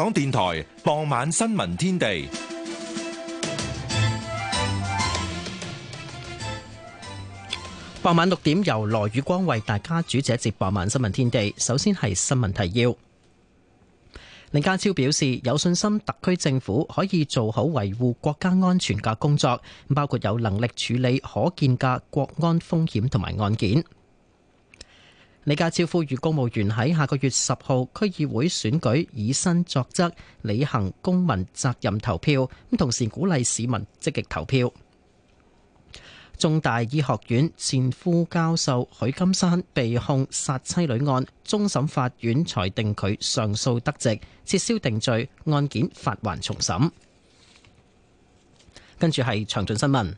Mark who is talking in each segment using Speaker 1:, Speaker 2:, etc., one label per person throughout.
Speaker 1: 港電台傍晚新聞
Speaker 2: 天地，傍晚六點由羅宇光為大家主持一節傍晚新聞天地。首先係新聞提要，李家超表示有信心特區政府可以做好維護國家安全嘅工作，包括有能力處理可見嘅國安風險同埋案件。李家超呼籲公務員喺下個月十號區議會選舉以身作則，履行公民責任投票。咁同時鼓勵市民積極投票。中大醫學院前副教授許金山被控殺妻女案，終審法院裁定佢上訴得直，撤銷定罪，案件發還重審。跟住係詳盡新聞。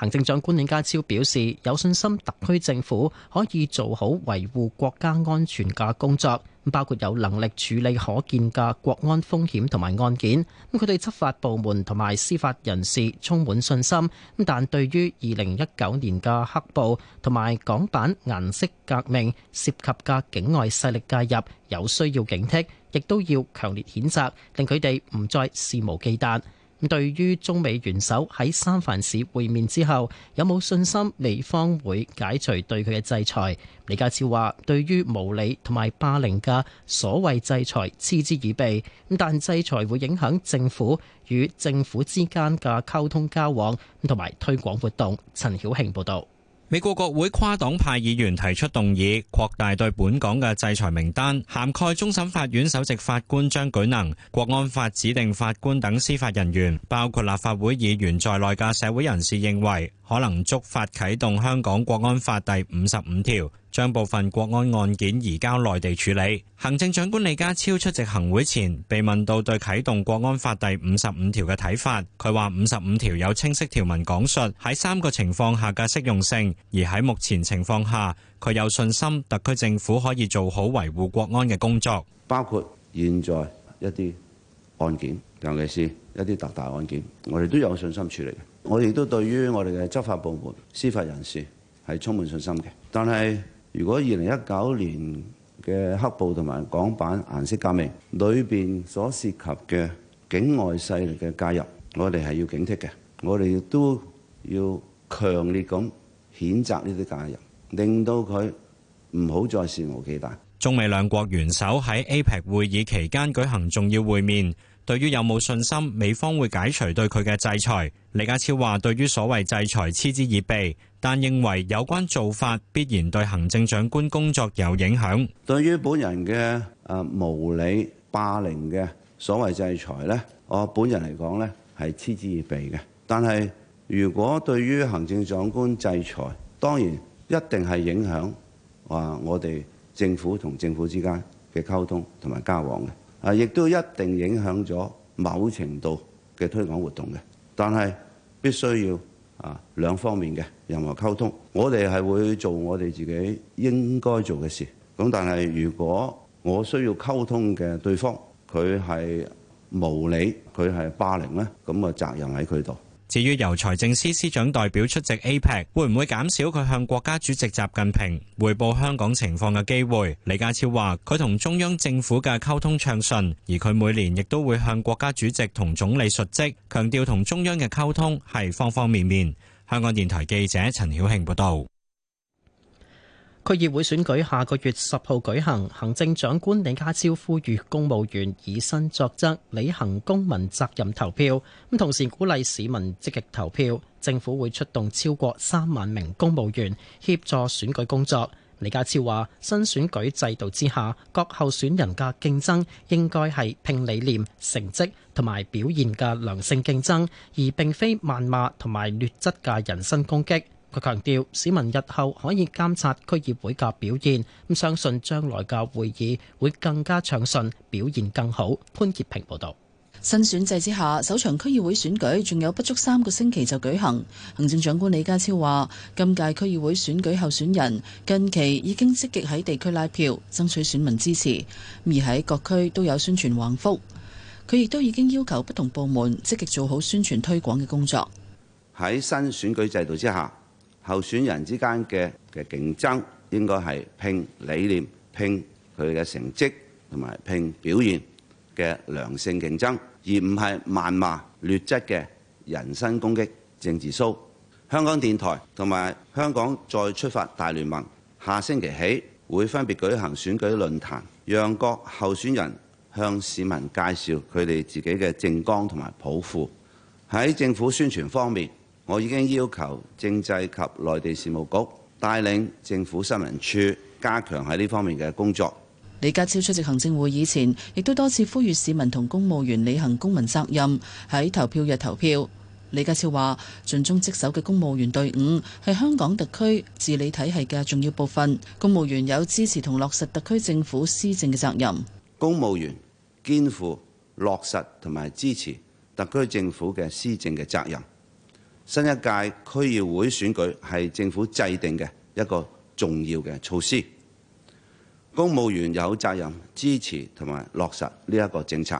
Speaker 2: 行政長官李家超表示，有信心特區政府可以做好維護國家安全嘅工作，包括有能力處理可見嘅國安風險同埋案件。佢對執法部門同埋司法人士充滿信心，但對於二零一九年嘅黑暴同埋港版顏色革命涉及嘅境外勢力介入，有需要警惕，亦都要強烈譴責，令佢哋唔再肆無忌憚。對於中美元首喺三藩市會面之後，有冇信心美方會解除對佢嘅制裁？李家超話：對於無理同埋霸凌嘅所謂制裁，嗤之以鼻。但制裁會影響政府與政府之間嘅溝通交往，同埋推廣活動。陳曉慶報道。
Speaker 1: 美國國會跨黨派議員提出動議，擴大對本港嘅制裁名單，涵蓋終審法院首席法官張舉能、國安法指定法官等司法人員，包括立法會議員在內嘅社會人士認為，可能觸發啟動香港國安法第五十五條，將部分國安案件移交內地處理。行政長官李家超出席行會前，被問到對啟動國安法第五十五條嘅睇法，佢話五十五條有清晰條文講述喺三個情況下嘅適用性，而喺目前情況下，佢有信心特區政府可以做好維護
Speaker 3: 國安嘅工作，包括現在一啲。案件尤其是一啲特大案件，我哋都有信心處理。我亦都對於我哋嘅執法部門、司法人士係充滿信心嘅。但係如果二零一九年嘅黑暴同埋港版顏色革命裏邊所涉及嘅境外勢力嘅介入，我哋係要警惕嘅。我哋亦都要強烈咁譴責呢啲介入，令到佢唔好再肆無忌憚。
Speaker 1: 中美兩國元首喺 APEC 會議期間舉行重要會面，對於有冇信心美方會解除對佢嘅制裁？李家超話：對於所謂制裁，嗤之以鼻，但認為有關做法必然對行政長官工作有影響。
Speaker 3: 對於本人嘅誒無理霸凌嘅所謂制裁呢，我本人嚟講呢，係嗤之以鼻嘅。但係如果對於行政長官制裁，當然一定係影響，啊我哋。政府同政府之間嘅溝通同埋交往嘅，啊，亦都一定影響咗某程度嘅推廣活動嘅。但係必須要啊兩方面嘅任何溝通，我哋係會做我哋自己應該做嘅事。咁但係如果我需要溝通嘅對方，佢係無理，佢係霸凌咧，咁啊責任喺佢度。
Speaker 1: 至於由財政司司長代表出席 APEC，會唔會減少佢向國家主席習近平匯報香港情況嘅機會？李家超話：佢同中央政府嘅溝通暢順，而佢每年亦都會向國家主席同總理述職，強調同中央嘅溝通係方方面面。香港電台記者陳
Speaker 2: 曉慶報道。區議會選舉下個月十號舉行，行政長官李家超呼籲公務員以身作則，履行公民責任投票。咁同時鼓勵市民積極投票。政府會出動超過三萬名公務員協助選舉工作。李家超話：新選舉制度之下，各候選人嘅競爭應該係拼理念、成績同埋表現嘅良性競爭，而並非謾罵同埋劣質嘅人身攻擊。佢強調，市民日後可以監察區議會嘅表現，咁相信將來嘅會議會更加暢順，表現更好。潘潔平報導。
Speaker 4: 新選制之下，首場區議會選舉仲有不足三個星期就舉行。行政長官李家超話：今屆區議會選舉候選人近期已經積極喺地區拉票，爭取選民支持，而喺各區都有宣傳橫幅。佢亦都已經要求不同部
Speaker 3: 門積極做好宣傳推廣嘅工作。喺新選舉制度之下，候選人之間嘅嘅競爭應該係拼理念、拼佢嘅成績同埋拼表現嘅良性競爭，而唔係謾罵劣質嘅人身攻擊、政治騷。香港電台同埋香港再出發大聯盟下星期起會分別舉行選舉論壇，讓各候選人向市民介紹佢哋自己嘅政綱同埋抱負。喺政府宣傳方面。我已經要求政制及內地事務局帶領政府新聞處加強喺呢方面嘅工作。
Speaker 4: 李家超出席行政會議前，亦都多次呼籲市民同公務員履行公民責任，喺投票日投票。李家超話：盡忠職守嘅公務員隊伍係香港特區治理體系嘅重要部分，公務員有支持同落實特區政府
Speaker 3: 施政嘅責任。公務員肩負落實同埋支持特區政府嘅施政嘅責任。新一屆區議會選舉係政府制定嘅一個重要嘅措施，公務員有責任支持同埋落實呢一個政策，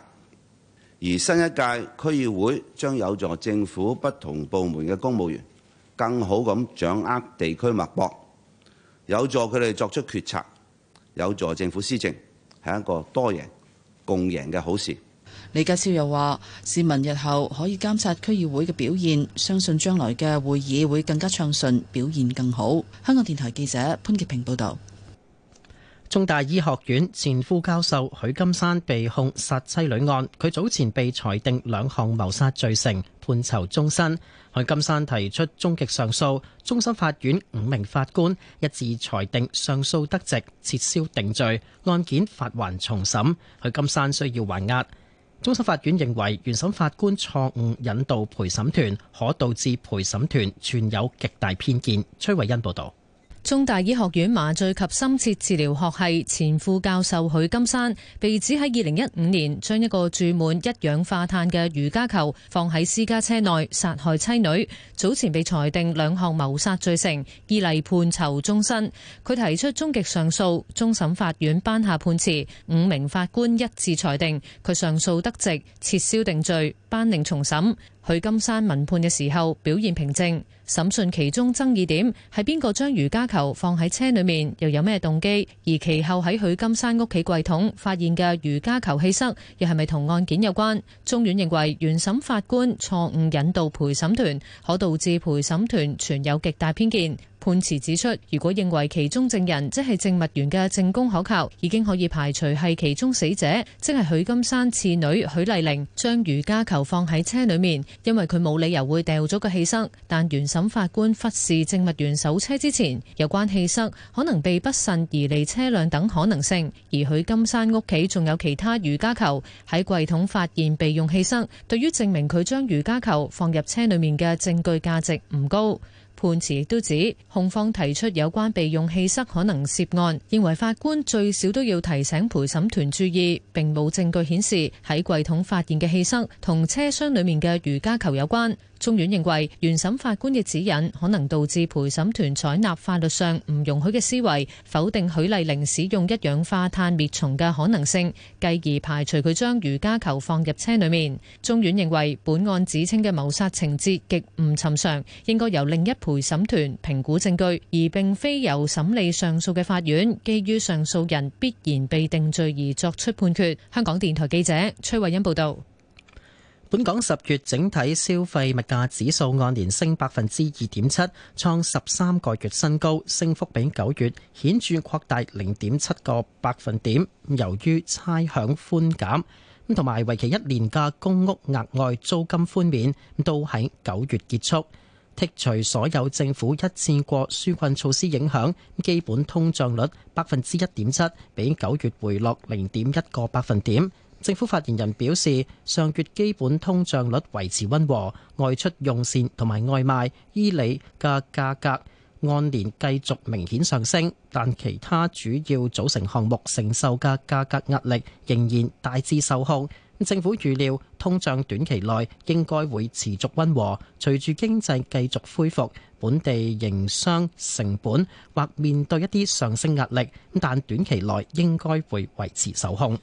Speaker 3: 而新一屆區議會將有助政府不同部門嘅公務員更好咁掌握地區脈搏，有助佢哋作出決策，有助政府施政，係一個多贏、共贏嘅好事。
Speaker 4: 李家超又話：市民日後可以監察區議會嘅表現，相信將來嘅會議會更加暢順，表
Speaker 2: 現更好。香港電台記者潘潔平報導。中大醫學院前副教授許金山被控殺妻女案，佢早前被裁定兩項謀殺罪成，判囚終身。許金山提出終極上訴，終審法院五名法官一致裁定上訴得直，撤銷定罪，案件發還重審。許金山需要還押。終審法院認為，原審法官錯誤引導陪審團，可導致陪審團存有極大偏見。崔慧欣報導。
Speaker 4: 中大醫學院麻醉及深切治療學系前副教授許金山被指喺二零一五年將一個注滿一氧化碳嘅瑜伽球放喺私家車內殺害妻女，早前被裁定兩項謀殺罪成，依例判囚終身。佢提出終極上訴，終審法院頒下判詞，五名法官一致裁定佢上訴得直，撤銷定罪。頒令重審。許金山聞判嘅時候，表現平靜。審訊其中爭議點係邊個將瑜伽球放喺車裏面，又有咩動機？而其後喺許金山屋企櫃桶發現嘅瑜伽球氣塞，又係咪同案件有關？中院認為原審法官錯誤引導陪審團，可導致陪審團存有極大偏見。判詞指出，如果認為其中證人即係證物員嘅證供可靠，已經可以排除係其中死者，即係許金山次女許麗玲將瑜伽球放喺車裏面，因為佢冇理由會掉咗個氣塞。但原審法官忽視證物員搜車之前，有關氣塞可能被不慎移離車輛等可能性。而許金山屋企仲有其他瑜伽球喺櫃桶發現備用氣塞，對於證明佢將瑜伽球放入車裏面嘅證據價值唔高。判詞亦都指，控方提出有關備用氣塞可能涉案，認為法官最少都要提醒陪審團注意，並冇證據顯示喺櫃桶發現嘅氣塞同車廂裡面嘅瑜伽球有關。中院認為，原審法官嘅指引可能導致陪審團採納法律上唔容許嘅思維，否定許麗玲使用一氧化碳滅蟲嘅可能性，繼而排除佢將瑜伽球放入車裡面。中院認為，本案指稱嘅謀殺情節極唔尋常，應該由另一陪審團評估證據，而並非由審理上訴嘅法院基於上訴人必然被定罪而作出判決。香港電台記者崔慧欣報道。
Speaker 2: 本港十月整體消費物價指數按年升百分之二點七，創十三個月新高，升幅比九月顯著擴大零點七個百分點。由於差餉寬減，咁同埋為期一年嘅公屋額外租金寬免都喺九月結束，剔除所有政府一次過紓困措施影響，基本通脹率百分之一點七，比九月回落零點一個百分點。政府發言人表示，上月基本通脹率維持溫和，外出用膳同埋外賣、衣履嘅價格按年繼續明顯上升，但其他主要組成項目承受嘅價格壓力仍然大致受控。政府預料通脹短期內應該會持續溫和，隨住經濟繼續恢復，本地營商成本或面對一啲上升壓力，但短期內應該會維持受控。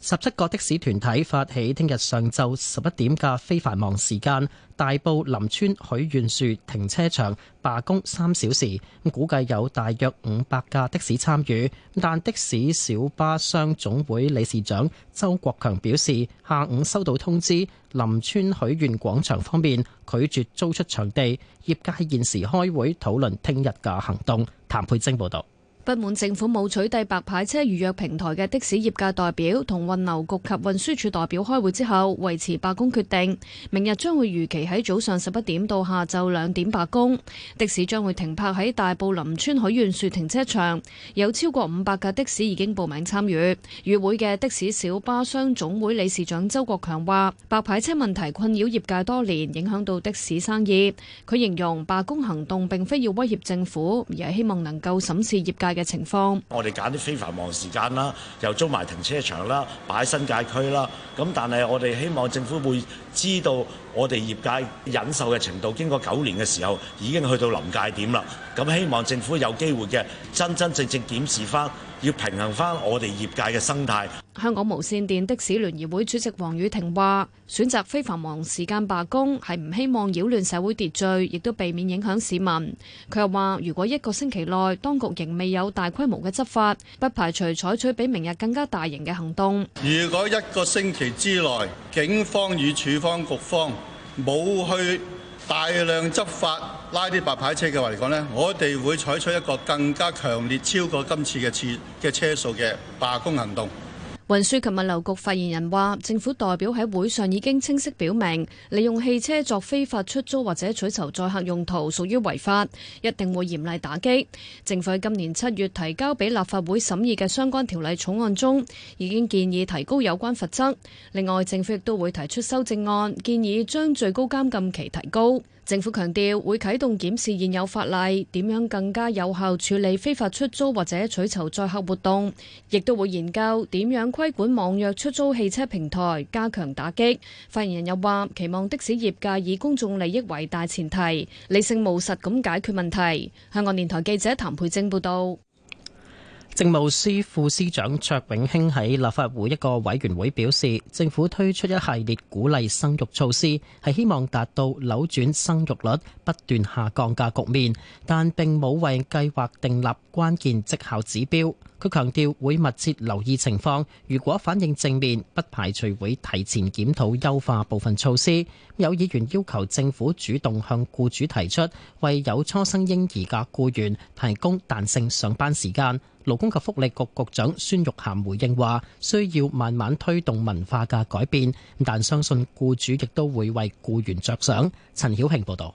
Speaker 2: 十七個的士團體發起聽日上晝十一點嘅非繁忙時間，大埔林村許願樹停車場罷工三小時，估計有大約五百架的士參與。但的士小巴商總會理事長周國強表示，下午收到通知，林村許願廣場方面拒絕租出場地，業界現時開會討論聽日嘅行動。譚佩晶報導。
Speaker 5: 不滿政府冇取締白牌車預約平台嘅的,的士業界代表同運流局及運輸署代表開會之後維持罷工決定，明日將會如期喺早上十一點到下晝兩點罷工，的士將會停泊喺大埔林村許願樹停車場，有超過五百架的士已經報名參與。與會嘅的,的士小巴商總會理事長周國強話，白牌車問題困擾業界多年，影響到的士生意。佢形容罷工行動並非要威脅政府，而係希望能夠審視業界。嘅情況，
Speaker 3: 我哋揀啲非繁忙時間啦，又租埋停車場啦，擺新界區啦。咁但係我哋希望政府會知道我哋業界忍受嘅程度。經過九年嘅時候，已經去到臨界點啦。咁希望政府有機會嘅真真正正檢視返。要平衡翻我哋業界嘅生態。
Speaker 5: 香港無線電的士聯誼會主席黃雨婷話：選擇非繁忙時間罷工係唔希望擾亂社會秩序，亦都避免影響市民。佢又話：如果一個星期內當局仍未有大規模嘅執法，不排除採取比明日更加大型嘅行動。
Speaker 1: 如果一個星期之內警方與處方局方冇去。大量執法拉啲白牌車嘅話嚟講咧，我哋會採取一個更加強烈、超過今次嘅次嘅車數嘅罷工行動。
Speaker 5: 運輸及物流局發言人話，政府代表喺會上已經清晰表明，利用汽車作非法出租或者取酬載客用途屬於違法，一定會嚴厲打擊。政府喺今年七月提交俾立法會審議嘅相關條例草案中，已經建議提高有關罰則。另外，政府亦都會提出修正案，建議將最高監禁期提高。政府強調會啟動檢視現有法例，點樣更加有效處理非法出租或者取酬載客活動，亦都會研究點樣規管網約出租汽車平台，加強打擊。發言人又話，期望的士業界以公眾利益為大前提，理性務實咁解決問題。香港電台記者譚佩貞報道。
Speaker 2: 政務司副司長卓永興喺立法會一個委員會表示，政府推出一系列鼓勵生育措施，係希望達到扭轉生育率不斷下降嘅局面，但並冇為計劃訂立關鍵績效指標。佢強調會密切留意情況，如果反應正面，不排除會提前檢討優化部分措施。有議員要求政府主動向僱主提出，為有初生嬰兒嘅僱員提供彈性上班時間。勞工及福利局局長孫玉菡回應話：需要慢慢推動文化嘅改變，但相信僱主亦都會為僱員着想。陳曉慶報導。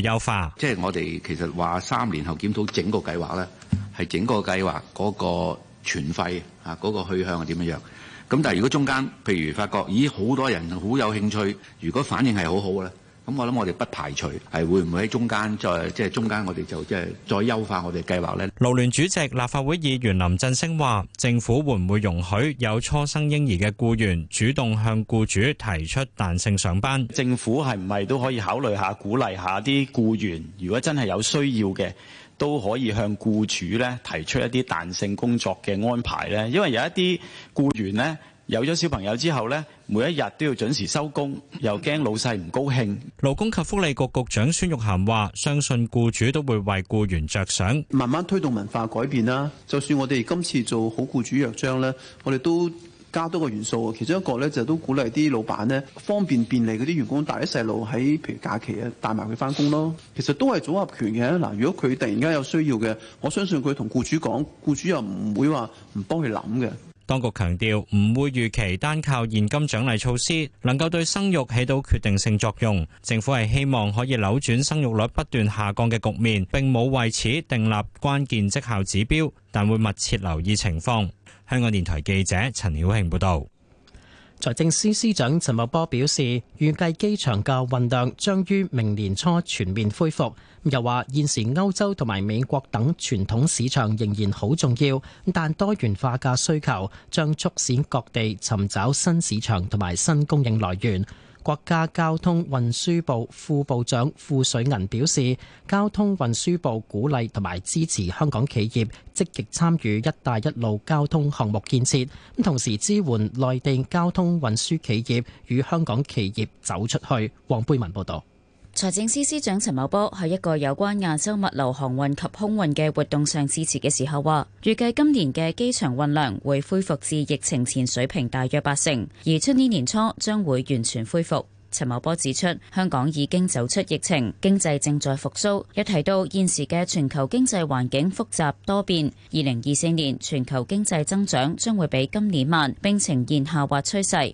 Speaker 1: 優化，即係我哋其實話三年後檢討整個計劃咧，係整個計劃嗰個存廢啊，嗰、嗰個去向係點樣樣咁，但係如果中間譬如發覺咦好多人好有興趣，如果反應係好好嘅咧？我諗我哋不排除係會唔會喺中間再即係中間我，我哋就即係再優化我哋計劃呢。勞聯主席、立法會議員林振昇話：政府會唔會容許有初生嬰兒嘅僱員主動向僱主提出彈性上班？政府係唔係都可以考慮下鼓勵下啲僱員，如果真係有需要嘅，都可以向僱主咧提出一啲彈性工作嘅安排呢。因為有一啲僱員呢，有咗小朋友之後呢。每一日都要準時收工，又驚老細唔高興。勞工及福利局局，局長孫玉菡話，相信僱主都會為僱員着想，
Speaker 3: 慢慢推動文化改變啦。就算我哋今次做好僱主約章咧，我哋都加多個元素，其中一個咧就都鼓勵啲老闆咧，方便便利嗰啲員工帶啲細路喺譬如假期啊，帶埋佢翻工咯。其實都係組合拳嘅嗱，如果佢突然間有需要嘅，我相信佢同僱主講，僱主又唔會話唔幫佢諗嘅。
Speaker 1: 當局強調唔會預期單靠現金獎勵措施能夠對生育起到決定性作用，政府係希望可以扭轉生育率不斷下降嘅局面，並冇為此訂立關鍵績效指標，但會密切留意情
Speaker 2: 況。香港電台記者陳曉慶報道。財政司司長陳茂波表示，預計機場嘅運量將於明年初全面恢復。又話，現時歐洲同埋美國等傳統市場仍然好重要，但多元化嘅需求將促使各地尋找新市場同埋新供應來源。國家交通運輸部副部長傅水銀表示，交通運輸部鼓勵同埋支持香港企業積極參與“一帶一路”交通項目建設，同時支援內地交通運輸企業與香港企業走出去。黃貝文報道。
Speaker 6: 財政司司長陳茂波喺一個有關亞洲物流、航運及空運嘅活動上致辭嘅時候話，預計今年嘅機場運量會恢復至疫情前水平，大約八成，而出年年初將會完全恢復。陳茂波指出，香港已經走出疫情，經濟正在復甦。又提到現時嘅全球經濟環境複雜多變，二零二四年全球經濟增長將會比今年慢，並呈現下滑趨勢。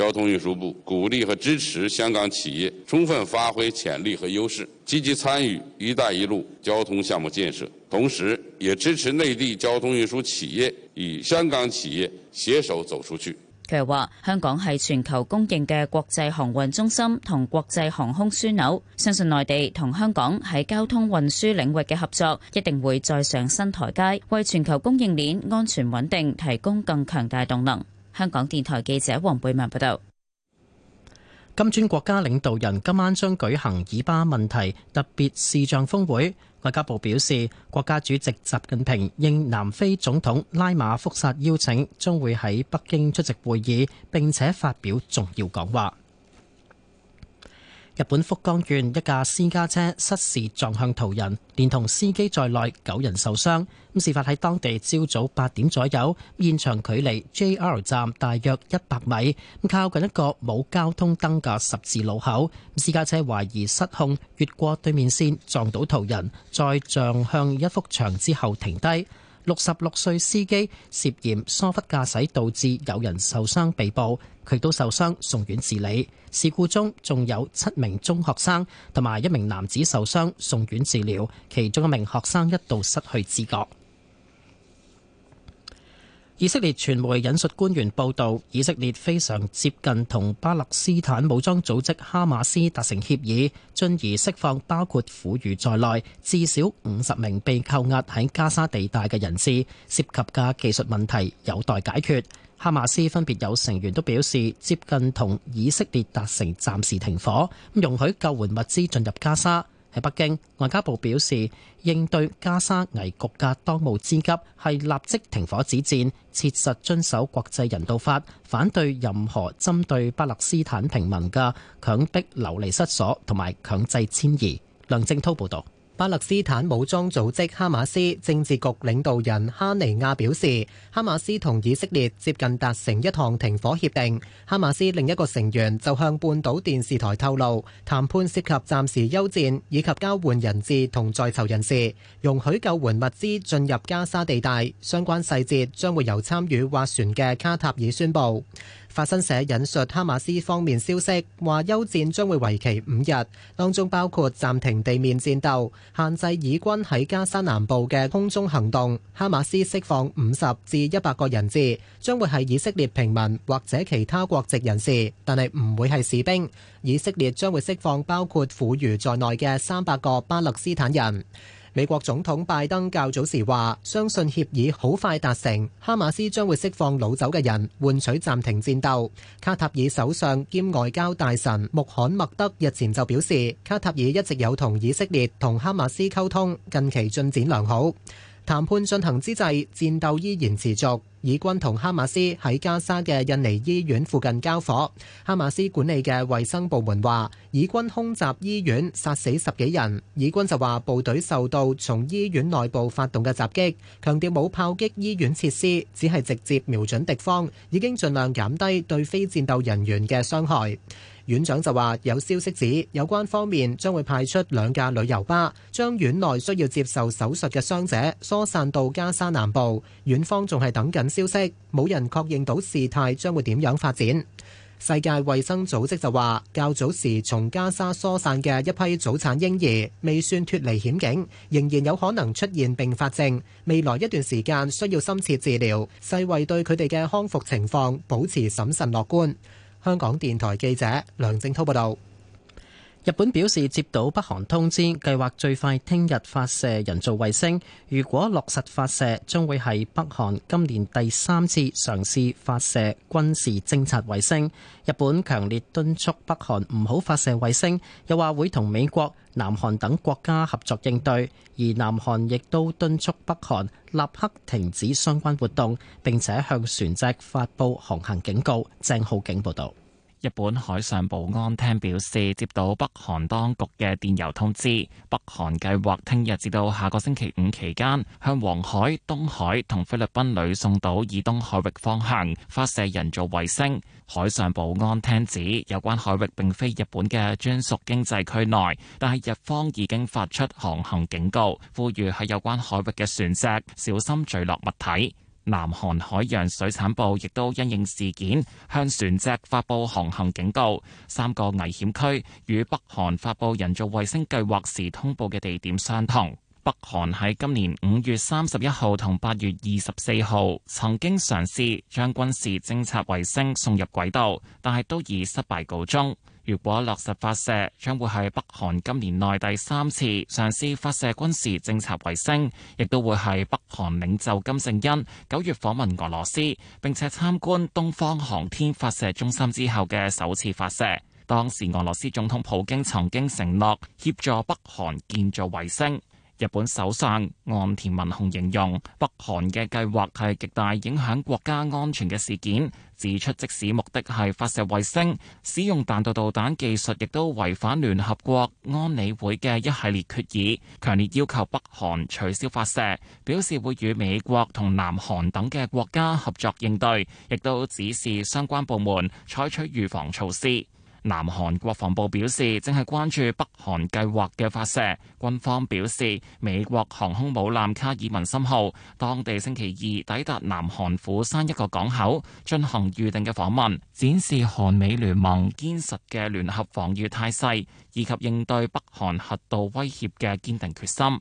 Speaker 3: 交通運輸部鼓勵和支持香港企業充分發揮潛力和優勢，積極參與“一帶一路”交通項目建設，同時也支持內地交通運輸企業與香港企業攜手走出去。
Speaker 6: 佢又話香港係全球公認嘅國際航運中心同國際航空樞紐，相信內地同香港喺交通運輸領域嘅合作一定會再上新台階，為全球供應鏈安全穩定提供更強大動能。香港電台記者王貝文報道：金磚國家領導人
Speaker 2: 今晚將舉行以巴問題特別視像峰會。外交部表示，國家主席習近平應南非總統拉馬福薩邀請，將會喺北京出席會議，並且發表重要講話。日本福岡縣一架私家車失事撞向途人，連同司機在內九人受傷。咁事發喺當地朝早八點左右，現場距離 JR 站大約一百米，咁靠近一個冇交通燈嘅十字路口。咁私家車懷疑失控越過對面線，撞到途人，再撞向一幅牆之後停低。六十六歲司機涉嫌疏忽駕駛導致有人受傷被捕，佢都受傷送院治理。事故中仲有七名中學生同埋一名男子受傷送院治療，其中一名學生一度失去知覺。以色列傳媒引述官員報道，以色列非常接近同巴勒斯坦武裝組織哈馬斯達成協議，進而釋放包括婦孺在內至少五十名被扣押喺加沙地帶嘅人士，涉及嘅技術問題有待解決。哈馬斯分別有成員都表示接近同以色列達成暫時停火，容許救援物資進入加沙。喺北京，外交部表示應對加沙危局嘅當務之急係立即停火止戰，切實遵守國際人道法，反對任何針對巴勒斯坦平民嘅強迫流離失
Speaker 7: 所同埋強制遷移。梁正滔報導。巴勒斯坦武裝組織哈馬斯政治局領導人哈尼亞表示，哈馬斯同以色列接近達成一項停火協定。哈馬斯另一個成員就向半島電視台透露，談判涉及暫時休戰以及交換人質同在囚人士，容許救援物資進入加沙地帶。相關細節將會由參與斡旋嘅卡塔爾宣布。法新社引述哈馬斯方面消息，話休戰將會為期五日，當中包括暫停地面戰鬥、限制以軍喺加沙南部嘅空中行動、哈馬斯釋放五十至一百個人質，將會係以色列平民或者其他國籍人士，但係唔會係士兵。以色列將會釋放包括婦孺在內嘅三百個巴勒斯坦人。美國總統拜登較早時話：相信協議好快達成，哈馬斯將會釋放擄走嘅人，換取暫停戰鬥。卡塔爾首相兼外交大臣穆罕默德日前就表示，卡塔爾一直有同以色列同哈馬斯溝通，近期進展良好。談判進行之際，戰鬥依然持續。以軍同哈馬斯喺加沙嘅印尼醫院附近交火。哈馬斯管理嘅衛生部門話，以軍空襲醫院，殺死十幾人。以軍就話，部隊受到從醫院內部發動嘅襲擊，強調冇炮擊醫院設施，只係直接瞄準敵方，已經盡量減低對非戰鬥人員嘅傷害。院長就話，有消息指，有關方面將會派出兩架旅遊巴，將院內需要接受手術嘅傷者疏散到加沙南部。院方仲係等緊消息，冇人確認到事態將會點樣發展。世界衛生組織就話，較早時從加沙疏散嘅一批早產嬰兒，未算脫離險境，仍然有可能出現併發症，未來一段時間需要深切治療，世衛對佢哋嘅康復情況保持審慎樂觀。香港電台記者梁正濤報道。
Speaker 2: 日本表示接到北韓通知，計劃最快聽日發射人造衛星。如果落實發射，將會係北韓今年第三次嘗試發射軍事偵察衛星。日本強烈敦促北韓唔好發射衛星，又話會同美國、南韓等國家合作應對，而南韓亦都敦促北韓立刻停止相關活動，並且向船隻發布
Speaker 8: 航行警告。鄭浩景報道。日本海上保安廳表示，接到北韓當局嘅電郵通知，北韓計劃聽日至到下個星期五期間，向黃海、東海同菲律賓呂宋島以東海域方向發射人造衛星。海上保安廳指，有關海域並非日本嘅專屬經濟區內，但係日方已經發出航行警告，呼籲喺有關海域嘅船隻小心墜落物體。南韓海洋水產部亦都因應事件向船隻發布航行警告，三個危險區與北韓發布人造衛星計劃時通報嘅地點相同。北韓喺今年五月三十一號同八月二十四號曾經嘗試將軍事偵察衛星送入軌道，但係都以失敗告終。如果落實發射，將會係北韓今年內第三次嘗試發射軍事偵察衛星，亦都會係北韓領袖金正恩九月訪問俄羅斯並且參觀東方航天發射中心之後嘅首次發射。當時俄羅斯總統普京曾經承諾協助北韓建造衛星。日本首相岸田文雄形容北韓嘅計劃係極大影響國家安全嘅事件，指出即使目的係發射衛星，使用彈道導彈技術亦都違反聯合國安理會嘅一系列決議，強烈要求北韓取消發射，表示會與美國同南韓等嘅國家合作應對，亦都指示相關部門採取預防措施。南韓國防部表示，正係關注北韓計劃嘅發射。軍方表示，美國航空母艦卡爾文森號，當地星期二抵達南韓釜山一個港口，進行預定嘅訪問，展示韓美聯盟堅實嘅聯合防禦態勢，以及應對北韓核導威脅嘅堅定決心。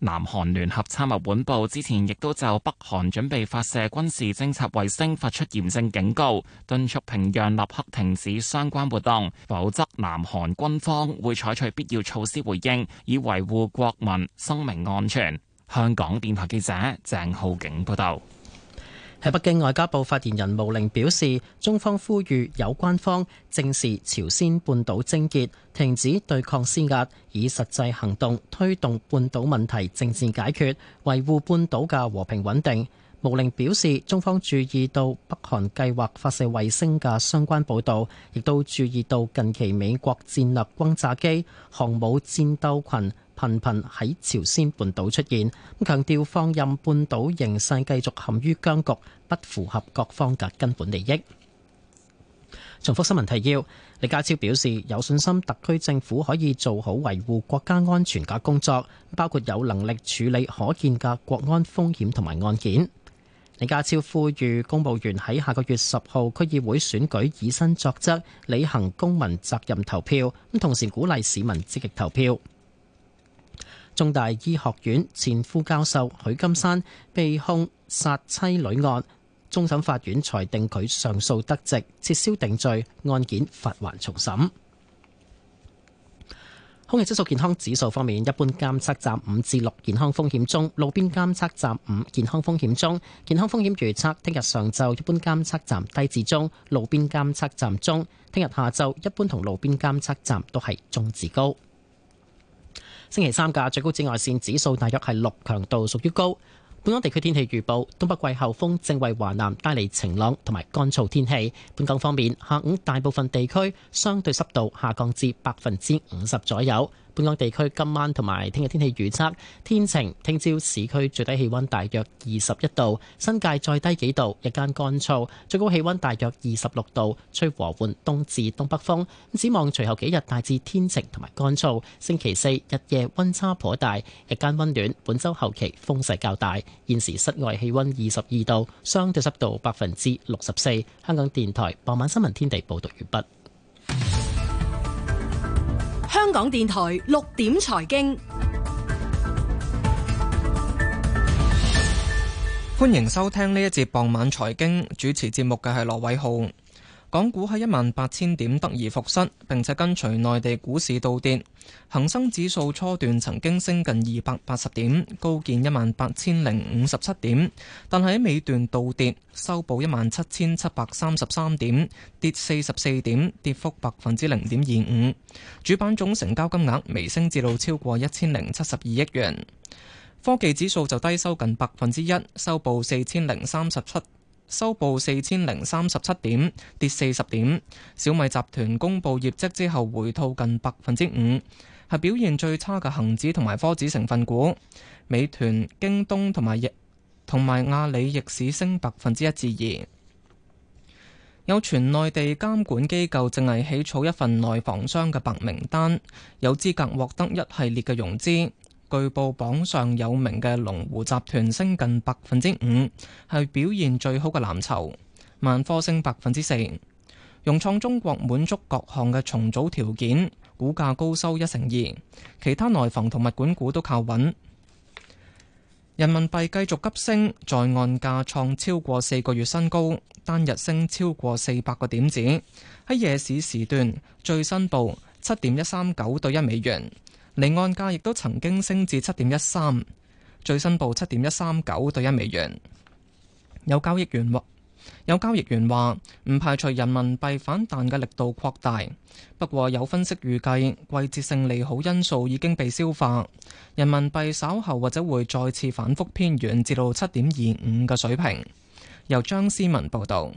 Speaker 8: 南韓聯合參謀本部之前亦都就北韓準備發射軍事偵察衛星發出嚴正警告，敦促平壤立刻停止相關活動，否則南韓軍方會採取必要措施回應，以維護國民生命安全。香港電台記者鄭浩景報道。喺北京外交部發言人毛寧表
Speaker 2: 示，中方呼籲有關方正視朝鮮半島症結，停止對抗施壓，以實際行動推動半島問題政治解決，維護半島嘅和平穩定。毛寧表示，中方注意到北韓計劃發射衛星嘅相關報道，亦都注意到近期美國戰略轟炸機航母戰鬥群。頻頻喺朝鮮半島出現，咁強調放任半島形勢繼續陷於僵局，不符合各方嘅根本利益。重複新聞提要，李家超表示有信心特區政府可以做好維護國家安全嘅工作，包括有能力處理可見嘅國安風險同埋案件。李家超呼籲公務員喺下個月十號區議會選舉以身作則，履行公民責任投票，咁同時鼓勵市民積極投票。中大醫學院前副教授許金山被控殺妻女案，終審法院裁定佢上訴得直，撤銷定罪，案件發還重審。空氣質素健康指數方面，一般監測站五至六，健康風險中；路邊監測站五，健康風險中。健康風險預測：聽日上晝一般監測站低至中，路邊監測站中；聽日下晝一般同路邊監測站都係中至高。星期三嘅最高紫外線指數大約係六，強度屬於高。本港地區天氣預報，東北季候風正為華南帶嚟晴朗同埋乾燥天氣。本港方面，下午大部分地區相對濕度下降至百分之五十左右。本港地區今晚同埋聽日天氣預測，天晴，聽朝市區最低氣溫大約二十一度，新界再低幾度，日間乾燥，最高氣溫大約二十六度，吹和緩東至東北風。展望隨後幾日大致天晴同埋乾燥，星期四日夜温差頗大，日間温暖。本週後期風勢較大，現時室外氣温二十二度，相對濕度百分之六十四。香港電台傍晚新聞天地報導完畢。
Speaker 9: 香港電台六點財經，
Speaker 10: 歡迎收聽呢一節傍晚財經主持節目嘅係羅偉浩。港股喺一萬八千點得而復失，並且跟隨內地股市倒跌。恒生指數初段曾經升近二百八十點，高見一萬八千零五十七點，但喺尾段倒跌，收報一萬七千七百三十三點，跌四十四點，跌幅百分之零點二五。主板總成交金額微升至到超過一千零七十二億元。科技指數就低收近百分之一，收報四千零三十七。收報四千零三十七點，跌四十點。小米集團公布業績之後，回吐近百分之五，係表現最差嘅恒指同埋科指成分股。美團、京東同埋同埋阿里逆市升百分之一至二。有傳內地監管機構淨係起草一份內房商嘅白名單，有資格獲得一系列嘅融資。據報榜上有名嘅龍湖集團升近百分之五，係表現最好嘅藍籌；萬科升百分之四，融創中國滿足各項嘅重組條件，股價高收一成二。其他內房同物管股都靠穩。人民幣繼續急升，在岸價創超過四個月新高，單日升超過四百個點子。喺夜市時段，最新報七點一三九兌一美元。離岸價亦都曾經升至七點一三，最新報七點一三九對一美元。有交易員話，有交易員話唔排除人民幣反彈嘅力度擴大，不過有分析預計季節性利好因素已經被消化，人民幣稍後或者會再次反覆偏軟，至到七點二五嘅水平。由張思文報導。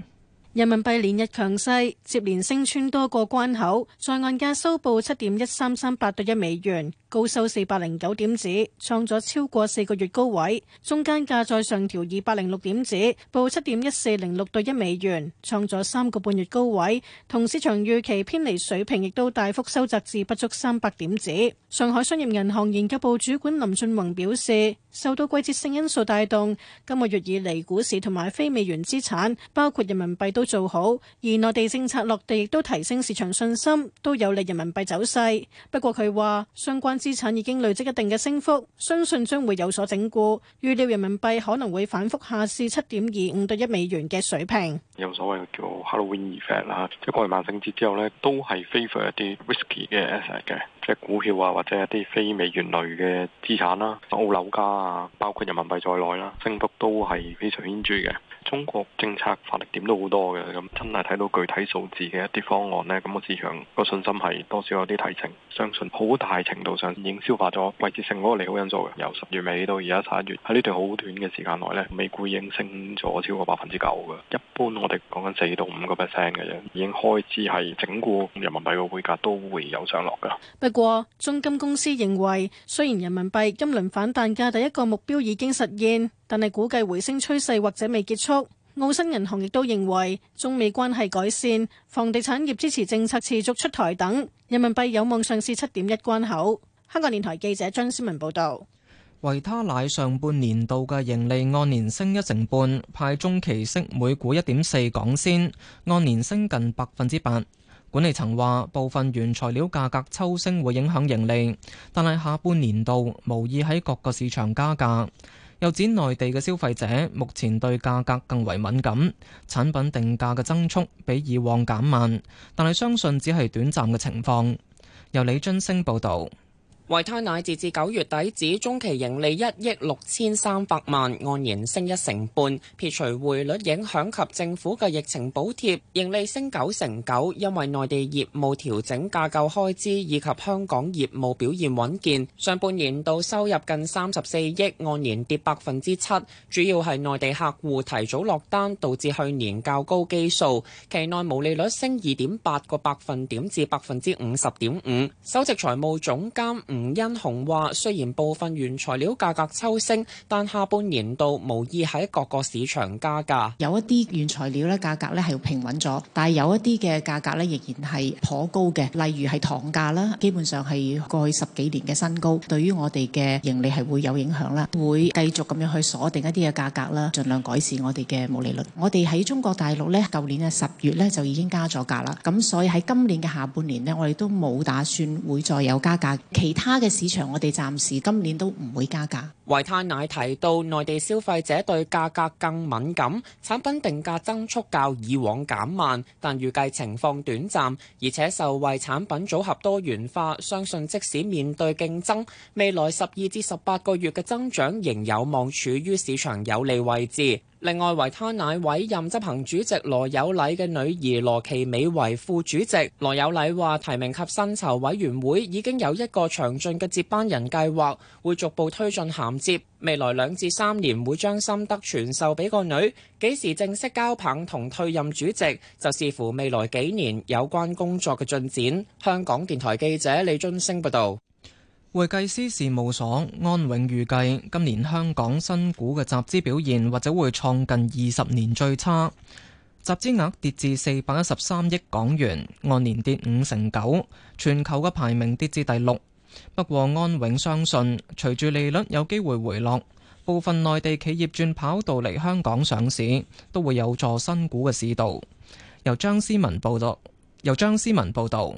Speaker 9: 人民幣連日強勢，接連升穿多個關口，在岸價收報七點一三三八對一美元，高收四百零九點子，創咗超過四個月高位。中間價再上調二百零六點子，報七點一四零六對一美元，創咗三個半月高位。同市場預期偏離水平，亦都大幅收窄至不足三百點子。上海商業銀行研究部主管林俊宏表示，受到季節性因素帶動，今個月以嚟股市同埋非美元資產，包括人民幣都都做好，而內地政策落地亦都提升市場信心，都有利人民幣走勢。不過佢話相關資產已經累積一定嘅升幅，相信將會有所整固。預料人民幣可能會反覆下試，七點二五到一美元嘅水平。
Speaker 1: 有所謂叫 Halloween Effect 啦，即係過完萬聖節之後呢，都係 favor 一啲 risky 嘅 asset 嘅，即係股票啊或者一啲非美元類嘅資產啦，澳紐加啊，包括人民幣在內啦，升幅都係非常顯著嘅。中國政策發力點都好多嘅，咁真係睇到具體數字嘅一啲方案呢，咁個市場個信心係多少有啲提升，相信好大程度上已經消化咗季節性嗰個利好因素嘅。由十月尾到而家十一月，喺呢段好短嘅時間內呢，美股已經升咗超過百分之九嘅，一般我哋講緊四到五個 percent 嘅嘢，已經開支係整固，人民幣嘅匯價都會有上落嘅。
Speaker 9: 不過，中金公司認為，雖然人民幣今輪反彈嘅第一個目標已經實現。但係估計回升趨勢或者未結束。澳新銀行亦都認為，中美關係改善、房地產業支持政策持續出台等，人民幣有望上試七點一關口。香港電台記者張思文報導。
Speaker 10: 維他奶上半年度嘅盈利按年升一成半，派中期息每股一點四港仙，按年升近百分之八。管理層話，部分原材料價格抽升會影響盈利，但係下半年度無意喺各個市場加價。又指內地嘅消費者目前對價格更為敏感，產品定價嘅增速比以往減慢，但係相信只係短暫嘅情況。由李津升報導。
Speaker 11: 維他奶截至九月底止中期盈利一億六千三百萬，按年升一成半，撇除匯率影響及政府嘅疫情補貼，盈利升九成九，因為內地業務調整架構開支以及香港業務表現穩健。上半年度收入近三十四億，按年跌百分之七，主要係內地客戶提早落單，導致去年較高基數。期內毛利率升二點八個百分點至百分之五十點五。首席財務總監吳欣雄話：雖然部分原材料價格抽升，但下半年度無意喺各個市場加價。
Speaker 10: 有一啲原材料咧價格咧係平穩咗，但係有一啲嘅價格咧仍然係頗高嘅，例如係糖價啦，基本上係
Speaker 4: 過去十幾年嘅新高，對於我哋嘅盈利係會有影響啦，會繼續咁樣去鎖定一啲嘅價格啦，盡量改善我哋嘅毛利率。我哋喺中國大陸咧，舊年嘅十
Speaker 10: 月咧就已經加咗價啦，咁所以喺今年嘅下半年呢，我哋都冇打算會再有加價，其他。其他嘅市場，我哋暫時今年都唔會加價。
Speaker 11: 維他奶提到，內地消費者對價格更敏感，產品定價增速較以往減慢，但預計情況短暫，而且受惠產品組合多元化，相信即使面對競爭，未來十二至十八個月嘅增長仍有望處於市場有利位置。另外，維他奶委任執行主席羅友禮嘅女兒羅琪美為副主席。羅友禮話：提名及薪酬委員會已經有一個詳盡嘅接班人計劃，會逐步推進行。接未來兩至三年會將心得傳授俾個女，幾時正式交棒同退任主席，就視乎未來幾年有關工作嘅進展。香港電台記者李津升報道。
Speaker 10: 會計師事務所安永預計，今年香港新股嘅集資表現或者會創近二十年最差，集資額跌至四百一十三億港元，按年跌五成九，全球嘅排名跌至第六。不過，安永相信，隨住利率有機會回落，部分內地企業轉跑道嚟香港上市，都會有助新股嘅市道。由張思文報道。由張思文報道。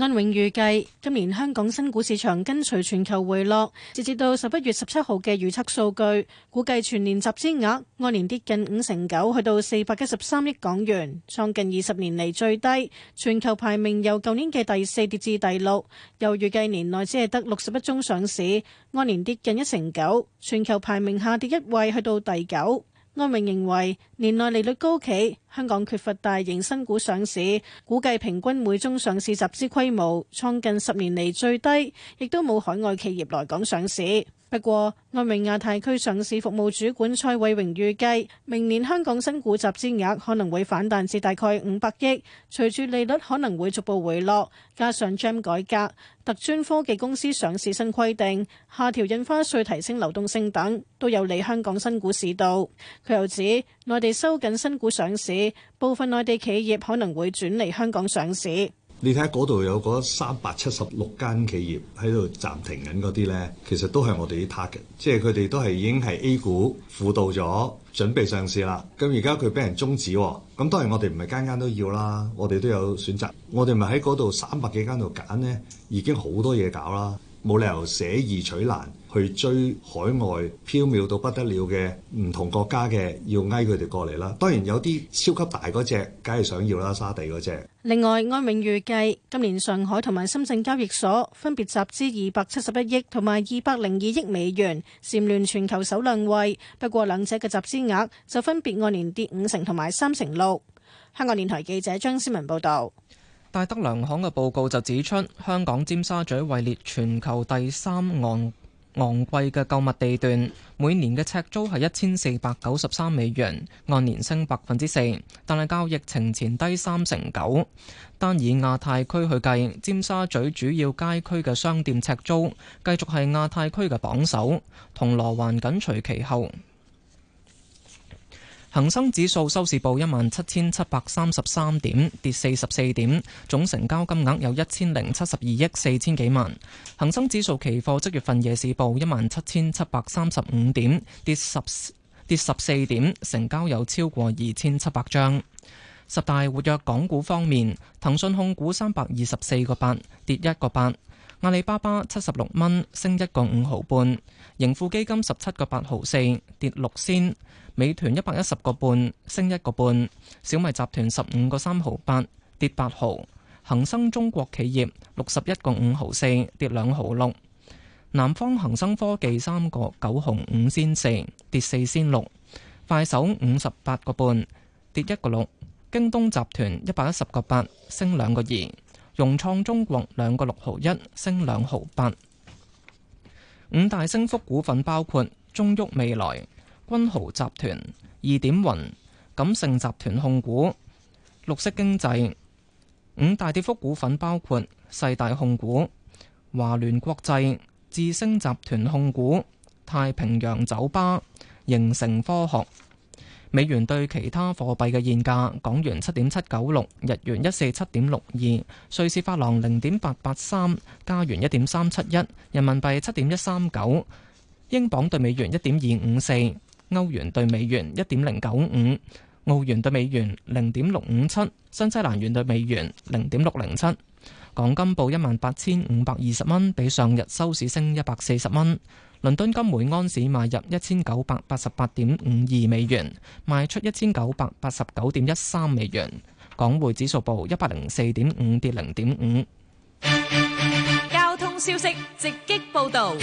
Speaker 9: 安永預計今年香港新股市場跟隨全球回落，截至到十一月十七號嘅預測數據，估計全年集資額按年跌近五成九，去到四百一十三億港元，創近二十年嚟最低。全球排名由舊年嘅第四跌至第六，又預計年內只係得六十一宗上市，按年跌近一成九，全球排名下跌一位，去到第九。安永認為，年內利率高企，香港缺乏大型新股上市，估計平均每宗上市集資規模創近十年嚟最低，亦都冇海外企業來港上市。不過，安永亞太區上市服務主管蔡偉榮預計，明年香港新股集資額可能會反彈至大概五百億，隨住利率可能會逐步回落，加上 GEM 改革、特專科技公司上市新規定、下調印花稅、提升流動性等，都有利香港新股市道。佢又指，內地收緊新股上市，部分內地企業可能會轉嚟香港上市。
Speaker 1: 你睇下嗰度有嗰三百七十六間企業喺度暫停緊嗰啲咧，其實都係我哋啲 target 嘅，即係佢哋都係已經係 A 股輔導咗準備上市啦。咁而家佢俾人中止，哦，咁當然我哋唔係間間都要啦，我哋都有選擇，我哋咪喺嗰度三百幾間度揀咧，已經好多嘢搞啦，冇理由捨易取難。去追海外縹緲到不得了嘅唔同國家嘅，要挨佢哋過嚟啦。當然有啲超級大嗰隻，梗係想要啦，沙地嗰隻。
Speaker 9: 另外，安永預計今年上海同埋深圳交易所分別集資二百七十一億同埋二百零二億美元，蟬聯全球首兩位。不過兩者嘅集資額就分別按年跌五成同埋三成六。香港電台記者張思文報道。
Speaker 10: 大德良行嘅報告就指出，香港尖沙咀位列全球第三岸。昂貴嘅購物地段，每年嘅尺租係一千四百九十三美元，按年升百分之四，但係交易情前低三成九。單以亞太區去計，尖沙咀主要街區嘅商店尺租繼續係亞太區嘅榜首，銅鑼灣緊隨其後。恒生指數收市報一萬七千七百三十三點，跌四十四點，總成交金額有一千零七十二億四千幾萬。恒生指數期貨七月份夜市報一萬七千七百三十五點，跌十跌十四點，成交有超過二千七百張。十大活躍港股方面，騰訊控股三百二十四個八，跌一個八；阿里巴巴七十六蚊，升一個五毫半；盈富基金十七個八毫四，跌六仙。美團一百一十個半升一個半，小米集團十五個三毫八跌八毫，恒生中國企業六十一個五毫四跌兩毫六，南方恒生科技三個九毫五先四跌四先六，快手五十八個半跌一個六，京東集團一百一十個八升兩個二，融創中國兩個六毫一升兩毫八，五大升幅股份包括中旭未來。君豪集團、二點雲、錦盛集團控股、綠色經濟五大跌幅股份，包括世大控股、華聯國際、智星集團控股、太平洋酒吧、形成科學。美元對其他貨幣嘅現價：港元七點七九六，日元一四七點六二，瑞士法郎零點八八三，加元一點三七一，人民幣七點一三九，英鎊兌美元一點二五四。歐元兌美元一點零九五，澳元兌美元零點六五七，新西蘭元兌美元零點六零七。港金報一萬八千五百二十蚊，比上日收市升一百四十蚊。倫敦金每安士買入一千九百八十八點五二美元，賣出一千九百八十九點一三美元。港匯指數報一百零四點五，跌零點五。
Speaker 12: 交通消息直擊報道。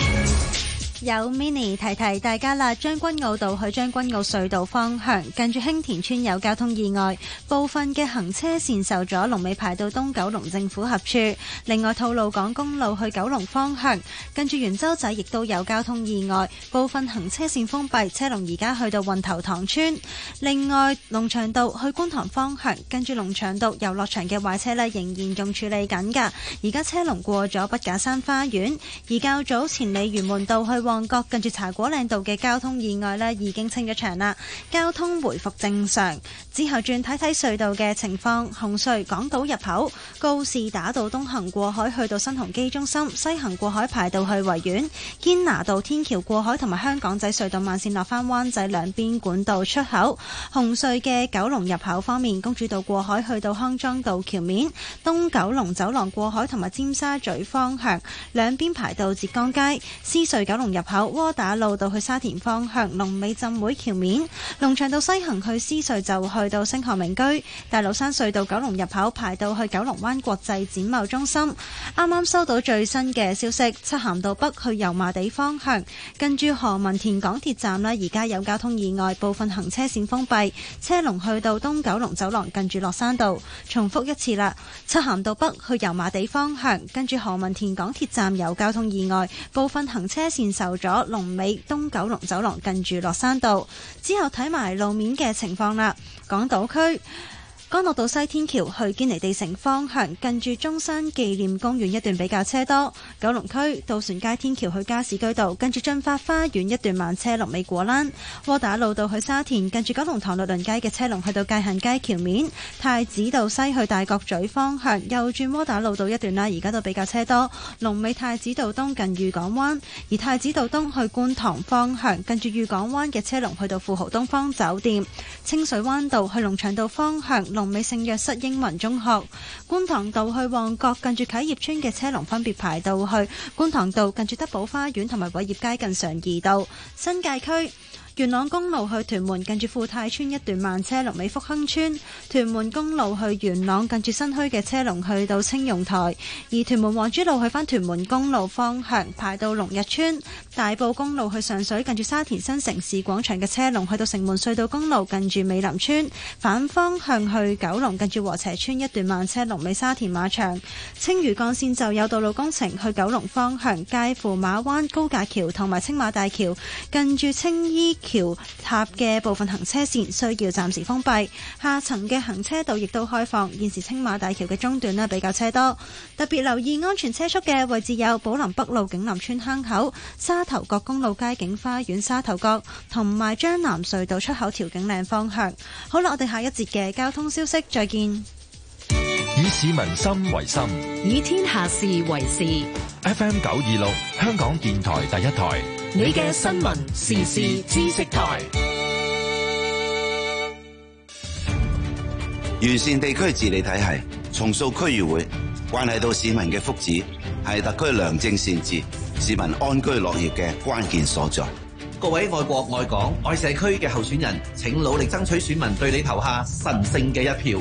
Speaker 12: 有 mini 提提大家啦，將軍澳道去將軍澳隧道方向，近住興田村有交通意外，部分嘅行車線受阻，龍尾排到東九龍政府合署。另外，吐露港公路去九龍方向，近住圓洲仔亦都有交通意外，部分行車線封閉，車龍而家去到運頭塘村。另外，龍翔道去觀塘方向，近住龍翔道遊樂場嘅壞車呢，仍然仲處理緊㗎，而家車龍過咗畢架山花園。而較早前鯉魚門道去。旺角近住茶果嶺道嘅交通意外咧，已經清咗場啦，交通回復正常。之後轉睇睇隧道嘅情況，紅隧港島入口告士打道東行過海去到新鴻基中心，西行過海排到去維園。堅拿道天橋過海同埋香港仔隧道慢線落翻灣仔兩邊管道出口。紅隧嘅九龍入口方面，公主道過海去到康莊道橋面，東九龍走廊過海同埋尖沙咀方向兩邊排到浙江街。獅隧九龍入口窩打路，到去沙田方向，龍尾浸會橋面，農場道西行去獅隧就去到星河名居，大老山隧道九龍入口排到去九龍灣國際展貿中心。啱啱收到最新嘅消息，漆咸道北去油麻地方向，近住何文田港鐵站咧，而家有交通意外，部分行車線封閉，車龍去到東九龍走廊近住落山道。重複一次啦，漆咸道北去油麻地方向，跟住何文田港鐵站有交通意外，部分行車線留咗龍尾東九龍走廊近住落山道，之後睇埋路面嘅情況啦。港島區。干諾道西天橋去堅尼地城方向，近住中山紀念公園一段比較車多。九龍區渡船街天橋去加士居道，近住駿發花園一段慢車龍尾果欄。窩打老道去沙田，近住九龍塘律倫街嘅車龍去到界限街橋面。太子道西去大角咀方向，右轉窩打老道一段啦，而家都比較車多。龍尾太子道東近御港灣，而太子道東去觀塘方向，近住御港灣嘅車龍去到富豪東方酒店。清水灣道去龍翔道方向。龍尾聖若瑟英文中學，觀塘道去旺角近住啟業村嘅車龍分別排到去觀塘道近住德寶花園同埋偉業街近常怡道。新界區。元朗公路去屯門近住富泰村一段慢車龍尾福亨村，屯門公路去元朗近住新墟嘅車龍去到青榕台，而屯門皇珠路去返屯門公路方向排到龍日村，大埔公路去上水近住沙田新城市廣場嘅車龍去到城門隧道公路近住美林邨，反方向去九龍近住禾輋邨一段慢車龍尾沙田馬場，青嶼幹線就有道路工程去九龍方向介乎馬灣高架橋同埋青馬大橋近住青衣。橋塔嘅部分行車線需要暫時封閉，下層嘅行車道亦都開放。現時青馬大橋嘅中段咧比較車多，特別留意安全車速嘅位置有寶林北路景林村坑口、沙頭角公路街景花園沙頭角同埋將藍隧道出口調景嶺方向。好啦，我哋下一節嘅交通消息再見。
Speaker 1: 以市民心為心，
Speaker 12: 以天下事為事。
Speaker 1: FM
Speaker 3: 九二六，香港電台第一台，
Speaker 8: 你嘅新聞時事知識台。
Speaker 3: 完善地區治理體系，重塑區議會，關係到市民嘅福祉，係特區良政善治、市民安居樂業嘅關鍵所在。各位愛國愛港愛社區嘅候選人，請努力爭取選民對你投下神聖嘅一票。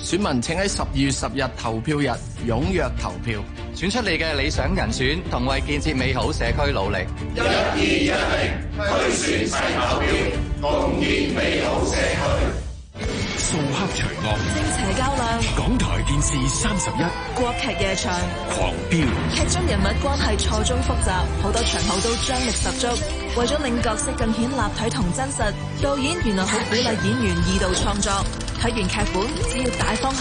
Speaker 3: 選
Speaker 1: 民請喺十二月十日投票日踴躍投票，選出你嘅理想人選，同為建設美好社區努力。一是、
Speaker 8: 二、一、零，推選誓投票，共建美好社區。掃黑除惡，正邪較量。港台電視三十一，
Speaker 4: 國劇夜場
Speaker 8: 狂飆。
Speaker 4: 劇中人物關係錯綜複雜，好多場口都張力十足。為咗令角色更顯立體同真
Speaker 12: 實，導演原來好鼓勵演員二度創作。睇完劇本，只要大方。